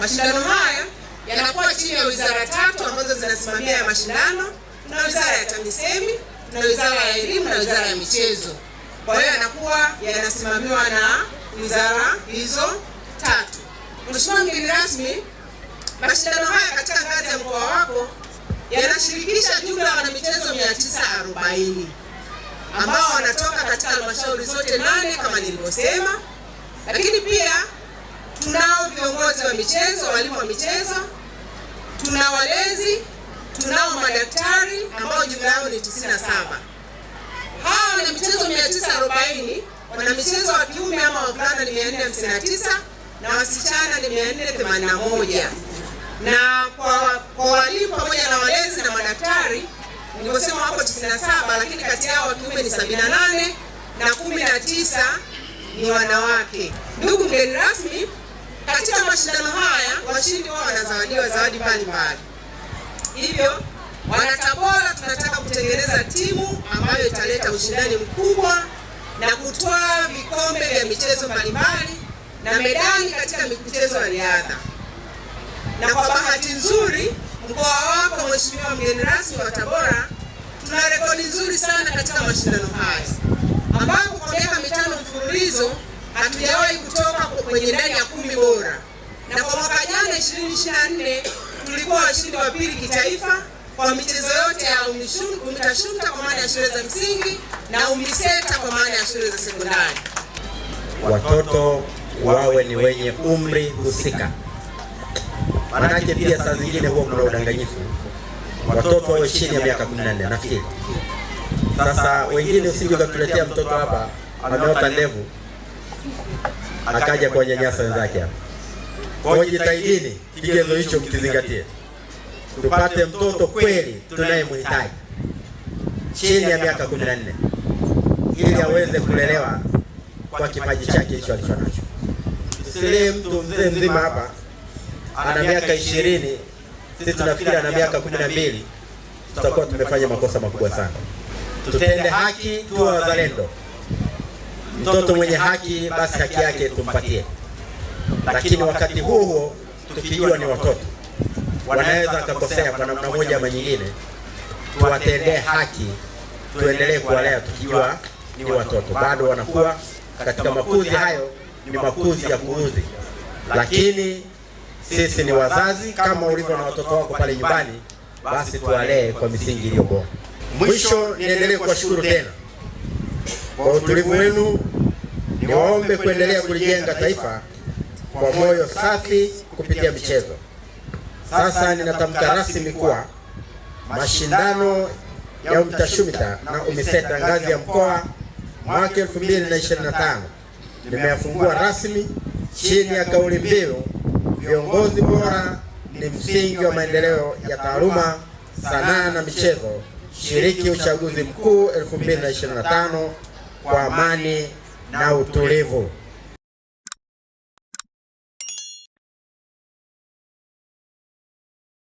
Mashindano haya yanakuwa chini ya wizara tatu ambazo zinasimamia ya mashindano. Tuna wizara ya TAMISEMI, tuna wizara ya elimu na wizara ya michezo. Kwa hiyo yanakuwa yanasimamiwa na wizara hizo tatu. Mheshimiwa mgeni rasmi, mashindano haya katika ngazi ya mkoa wako yanashirikisha jumla ya wanamichezo 940 ambao wanatoka katika halmashauri zote nane kama nilivyosema viongozi wa michezo, walimu wa michezo, tuna walezi, tunao madaktari ambao jumla yao ni 97. Hawa wana michezo 940, wana michezo wa kiume ama wavulana ni 459 na wasichana ni 481. Na kwa, kwa walimu pamoja na walezi na madaktari nilivyosema wako 97, lakini kati yao wa kiume ni 78 na 19 ni wanawake. Ndugu mgeni rasmi katika mashindano haya washindi wao wanazawadiwa zawadi mbalimbali, hivyo Wanatabora tunataka kutengeneza timu ambayo italeta ushindani mkubwa na kutoa vikombe vya michezo mbalimbali na medali katika michezo ya riadha. Na kwa bahati nzuri, mkoa wako Mheshimiwa mgeni rasmi wa Tabora, tuna rekodi nzuri sana katika mashindano haya ambapo kwa miaka mitano mfululizo hatujawahi kwenye ndani ya kumi bora, na kwa mwaka jana 2024 tulikuwa washindi wa pili kitaifa kwa michezo yote ya UMITASHUMTA kwa maana ya shule za msingi na UMISETA kwa maana ya shule za sekondari. Watoto wawe ni wenye umri husika, maanake pia saa zingine huwa kuna udanganyifu, watoto wawe chini ya miaka 14 nafikiri. Sasa wengine usije ukatuletea mtoto hapa ameota ndevu akaja nyanyasa wenzake hapa. Kwa hiyo jitahidini, kigezo hicho mkizingatie, tupate mtoto kweli tunayemhitaji chini ya miaka 14 ili aweze kulelewa kwa kipaji chake hicho alicho nacho. Tusilee mtu mzee mzima hapa ana miaka ishirini, sisi tunafikiri ana miaka kumi na mbili, tutakuwa tumefanya makosa makubwa sana. Tutende haki, tuwe wazalendo mtoto mwenye haki, basi haki yake tumpatie, lakini wakati huo huo tukijua ni watoto wanaweza wakakosea kwa namna moja ama nyingine, tuwatendee haki, tuendelee kuwalea tukijua ni watoto, bado wanakuwa katika makuzi hayo, ni makuzi ya kuuzi. Lakini sisi ni wazazi, kama ulivyo na watoto wako pale nyumbani, basi tuwalee kwa misingi iliyo bora. Mwisho niendelee kuwashukuru tena kwa utulivu wenu, niwaombe kuendelea kulijenga taifa kwa moyo safi kupitia michezo. Sasa ninatamka rasmi kuwa mashindano ya UMITASHUMITA na UMISETA ngazi ya mkoa mwaka 2025 nimeyafungua rasmi chini ya kauli mbiu viongozi bora ni msingi wa maendeleo ya taaluma, sanaa na michezo, shiriki uchaguzi mkuu 2025 kwa amani na utulivu.